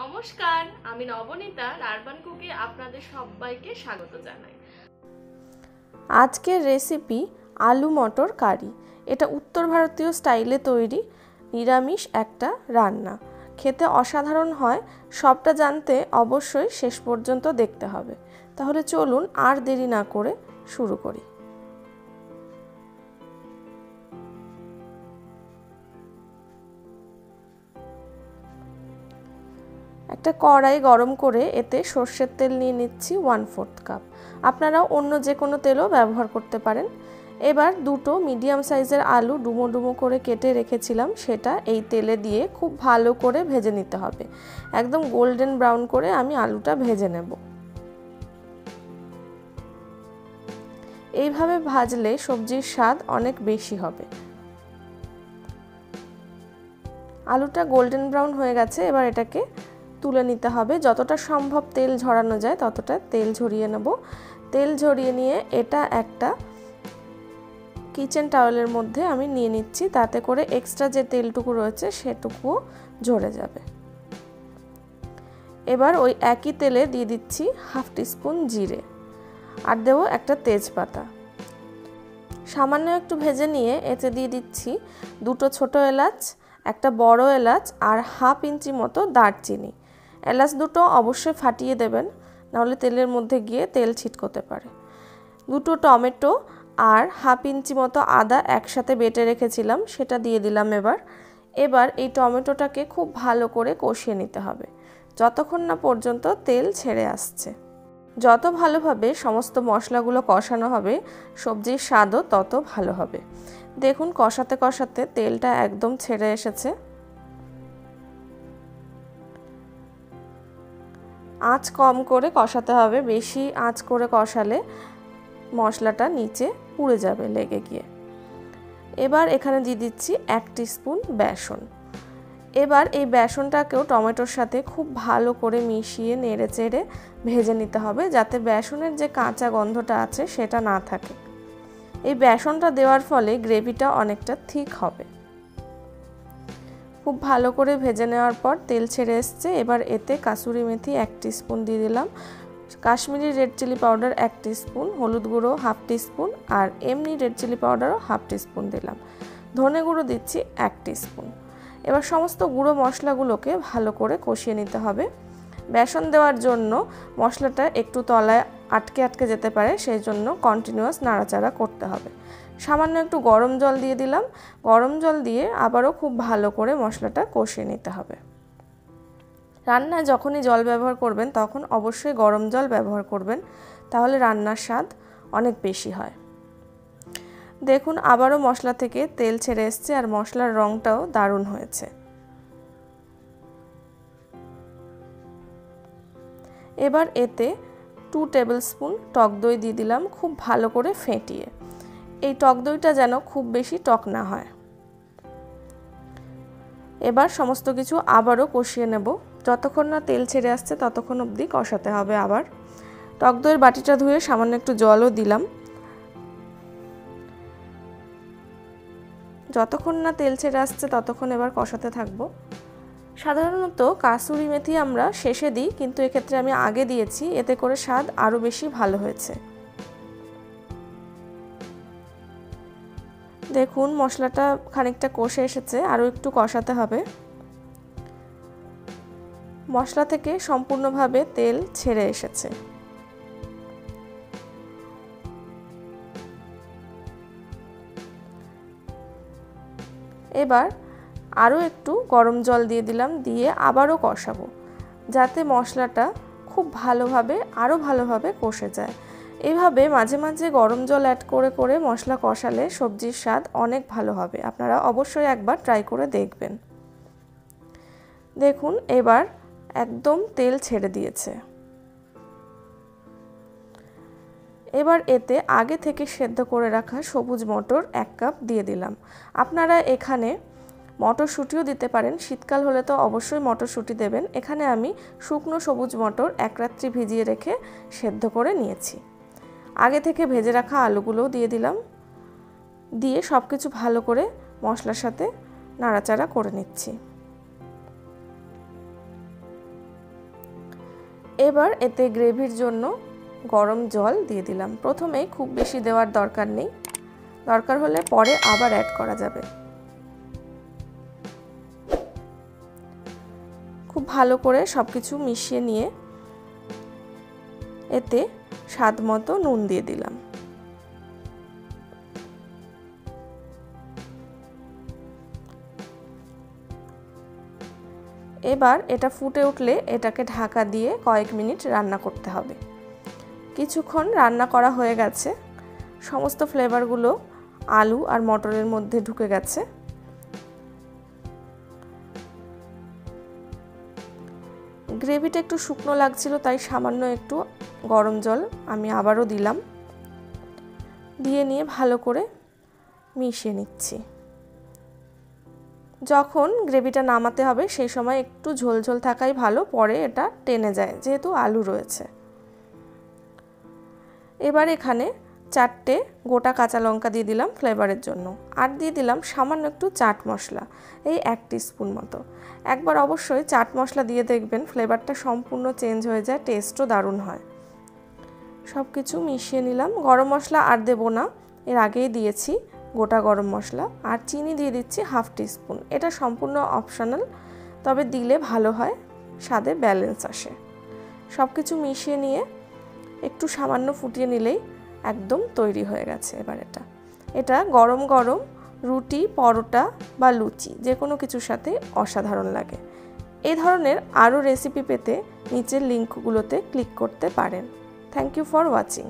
নমস্কার আমি নবনীতা আরবান কুকে আপনাদের সবাইকে স্বাগত জানাই আজকের রেসিপি আলু মটর কারি এটা উত্তর ভারতীয় স্টাইলে তৈরি নিরামিষ একটা রান্না খেতে অসাধারণ হয় সবটা জানতে অবশ্যই শেষ পর্যন্ত দেখতে হবে তাহলে চলুন আর দেরি না করে শুরু করি একটা কড়াই গরম করে এতে সর্ষের তেল নিয়ে নিচ্ছি ওয়ান ফোর্থ কাপ আপনারা অন্য যে কোনো তেলও ব্যবহার করতে পারেন এবার দুটো মিডিয়াম সাইজের আলু ডুমো ডুমো করে কেটে রেখেছিলাম সেটা এই তেলে দিয়ে খুব ভালো করে ভেজে নিতে হবে একদম গোল্ডেন ব্রাউন করে আমি আলুটা ভেজে নেব এইভাবে ভাজলে সবজির স্বাদ অনেক বেশি হবে আলুটা গোল্ডেন ব্রাউন হয়ে গেছে এবার এটাকে তুলে নিতে হবে যতটা সম্ভব তেল ঝরানো যায় ততটা তেল ঝরিয়ে নেব তেল ঝরিয়ে নিয়ে এটা একটা কিচেন টাওয়েলের মধ্যে আমি নিয়ে নিচ্ছি তাতে করে এক্সট্রা যে তেলটুকু রয়েছে সেটুকুও ঝরে যাবে এবার ওই একই তেলে দিয়ে দিচ্ছি হাফ টিস্পুন জিরে আর দেবো একটা তেজপাতা সামান্য একটু ভেজে নিয়ে এতে দিয়ে দিচ্ছি দুটো ছোট এলাচ একটা বড় এলাচ আর হাফ ইঞ্চি মতো দারচিনি এলাচ দুটো অবশ্যই ফাটিয়ে দেবেন নাহলে তেলের মধ্যে গিয়ে তেল ছিটকোতে পারে দুটো টমেটো আর হাফ ইঞ্চি মতো আদা একসাথে বেটে রেখেছিলাম সেটা দিয়ে দিলাম এবার এবার এই টমেটোটাকে খুব ভালো করে কষিয়ে নিতে হবে যতক্ষণ না পর্যন্ত তেল ছেড়ে আসছে যত ভালোভাবে সমস্ত মশলাগুলো কষানো হবে সবজির স্বাদও তত ভালো হবে দেখুন কষাতে কষাতে তেলটা একদম ছেড়ে এসেছে আঁচ কম করে কষাতে হবে বেশি আঁচ করে কষালে মশলাটা নিচে পুড়ে যাবে লেগে গিয়ে এবার এখানে দিয়ে দিচ্ছি এক স্পুন বেসন এবার এই বেসনটাকেও টমেটোর সাথে খুব ভালো করে মিশিয়ে নেড়ে চেড়ে ভেজে নিতে হবে যাতে বেসনের যে কাঁচা গন্ধটা আছে সেটা না থাকে এই বেসনটা দেওয়ার ফলে গ্রেভিটা অনেকটা থিক হবে খুব ভালো করে ভেজে নেওয়ার পর তেল ছেড়ে এসছে এবার এতে কাসুরি মেথি এক স্পুন দিয়ে দিলাম কাশ্মীরি রেড চিলি পাউডার এক স্পুন হলুদ গুঁড়ো হাফ স্পুন আর এমনি রেড চিলি পাউডারও হাফ স্পুন দিলাম ধনে গুঁড়ো দিচ্ছি এক স্পুন এবার সমস্ত গুঁড়ো মশলাগুলোকে ভালো করে কষিয়ে নিতে হবে বেসন দেওয়ার জন্য মশলাটা একটু তলায় আটকে আটকে যেতে পারে সেই জন্য কন্টিনিউয়াস নাড়াচাড়া করতে হবে সামান্য একটু গরম জল দিয়ে দিলাম গরম জল দিয়ে আবারও খুব ভালো করে মশলাটা কষিয়ে নিতে হবে রান্নায় যখনই জল ব্যবহার করবেন তখন অবশ্যই গরম জল ব্যবহার করবেন তাহলে রান্নার স্বাদ অনেক বেশি হয় দেখুন আবারও মশলা থেকে তেল ছেড়ে এসছে আর মশলার রঙটাও দারুণ হয়েছে এবার এতে টু টেবিল স্পুন টক দই দিয়ে দিলাম খুব ভালো করে ফেটিয়ে এই টক দইটা যেন খুব বেশি টক না হয় এবার সমস্ত কিছু আবারও কষিয়ে নেব যতক্ষণ না তেল ছেড়ে আসছে ততক্ষণ অবধি কষাতে হবে আবার টক দইয়ের বাটিটা ধুয়ে সামান্য একটু জলও দিলাম যতক্ষণ না তেল ছেড়ে আসছে ততক্ষণ এবার কষাতে থাকবো সাধারণত কাসুরি মেথি আমরা শেষে দিই কিন্তু এক্ষেত্রে আমি আগে দিয়েছি এতে করে স্বাদ আরও বেশি ভালো হয়েছে দেখুন মশলাটা খানিকটা কষে এসেছে আরও একটু কষাতে হবে মশলা থেকে সম্পূর্ণভাবে তেল ছেড়ে এসেছে এবার আরও একটু গরম জল দিয়ে দিলাম দিয়ে আবারও কষাবো যাতে মশলাটা খুব ভালোভাবে আরও ভালোভাবে কষে যায় এইভাবে মাঝে মাঝে গরম জল অ্যাড করে করে মশলা কষালে সবজির স্বাদ অনেক ভালো হবে আপনারা অবশ্যই একবার ট্রাই করে দেখবেন দেখুন এবার একদম তেল ছেড়ে দিয়েছে এবার এতে আগে থেকে সেদ্ধ করে রাখা সবুজ মটর এক কাপ দিয়ে দিলাম আপনারা এখানে মটরশুঁটিও দিতে পারেন শীতকাল হলে তো অবশ্যই মটরশুঁটি দেবেন এখানে আমি শুকনো সবুজ মটর এক রাত্রি ভিজিয়ে রেখে সেদ্ধ করে নিয়েছি আগে থেকে ভেজে রাখা আলুগুলোও দিয়ে দিলাম দিয়ে সব কিছু ভালো করে মশলার সাথে নাড়াচাড়া করে নিচ্ছি এবার এতে গ্রেভির জন্য গরম জল দিয়ে দিলাম প্রথমেই খুব বেশি দেওয়ার দরকার নেই দরকার হলে পরে আবার অ্যাড করা যাবে খুব ভালো করে সব কিছু মিশিয়ে নিয়ে এতে স্বাদ মতো নুন দিয়ে দিলাম এবার এটা ফুটে উঠলে এটাকে ঢাকা দিয়ে কয়েক মিনিট রান্না করতে হবে কিছুক্ষণ রান্না করা হয়ে গেছে সমস্ত ফ্লেভারগুলো আলু আর মটরের মধ্যে ঢুকে গেছে গ্রেভিটা একটু শুকনো লাগছিল তাই সামান্য একটু গরম জল আমি আবারও দিলাম দিয়ে নিয়ে ভালো করে মিশিয়ে নিচ্ছি যখন গ্রেভিটা নামাতে হবে সেই সময় একটু ঝোলঝোল থাকাই ভালো পরে এটা টেনে যায় যেহেতু আলু রয়েছে এবার এখানে চারটে গোটা কাঁচা লঙ্কা দিয়ে দিলাম ফ্লেভারের জন্য আর দিয়ে দিলাম সামান্য একটু চাট মশলা এই এক স্পুন মতো একবার অবশ্যই চাট মশলা দিয়ে দেখবেন ফ্লেভারটা সম্পূর্ণ চেঞ্জ হয়ে যায় টেস্টও দারুণ হয় সব কিছু মিশিয়ে নিলাম গরম মশলা আর দেবো না এর আগেই দিয়েছি গোটা গরম মশলা আর চিনি দিয়ে দিচ্ছি হাফ স্পুন এটা সম্পূর্ণ অপশনাল তবে দিলে ভালো হয় স্বাদে ব্যালেন্স আসে সব কিছু মিশিয়ে নিয়ে একটু সামান্য ফুটিয়ে নিলেই একদম তৈরি হয়ে গেছে এবার এটা এটা গরম গরম রুটি পরোটা বা লুচি যে কোনো কিছুর সাথে অসাধারণ লাগে এই ধরনের আরও রেসিপি পেতে নিচের লিঙ্কগুলোতে ক্লিক করতে পারেন থ্যাংক ইউ ফর ওয়াচিং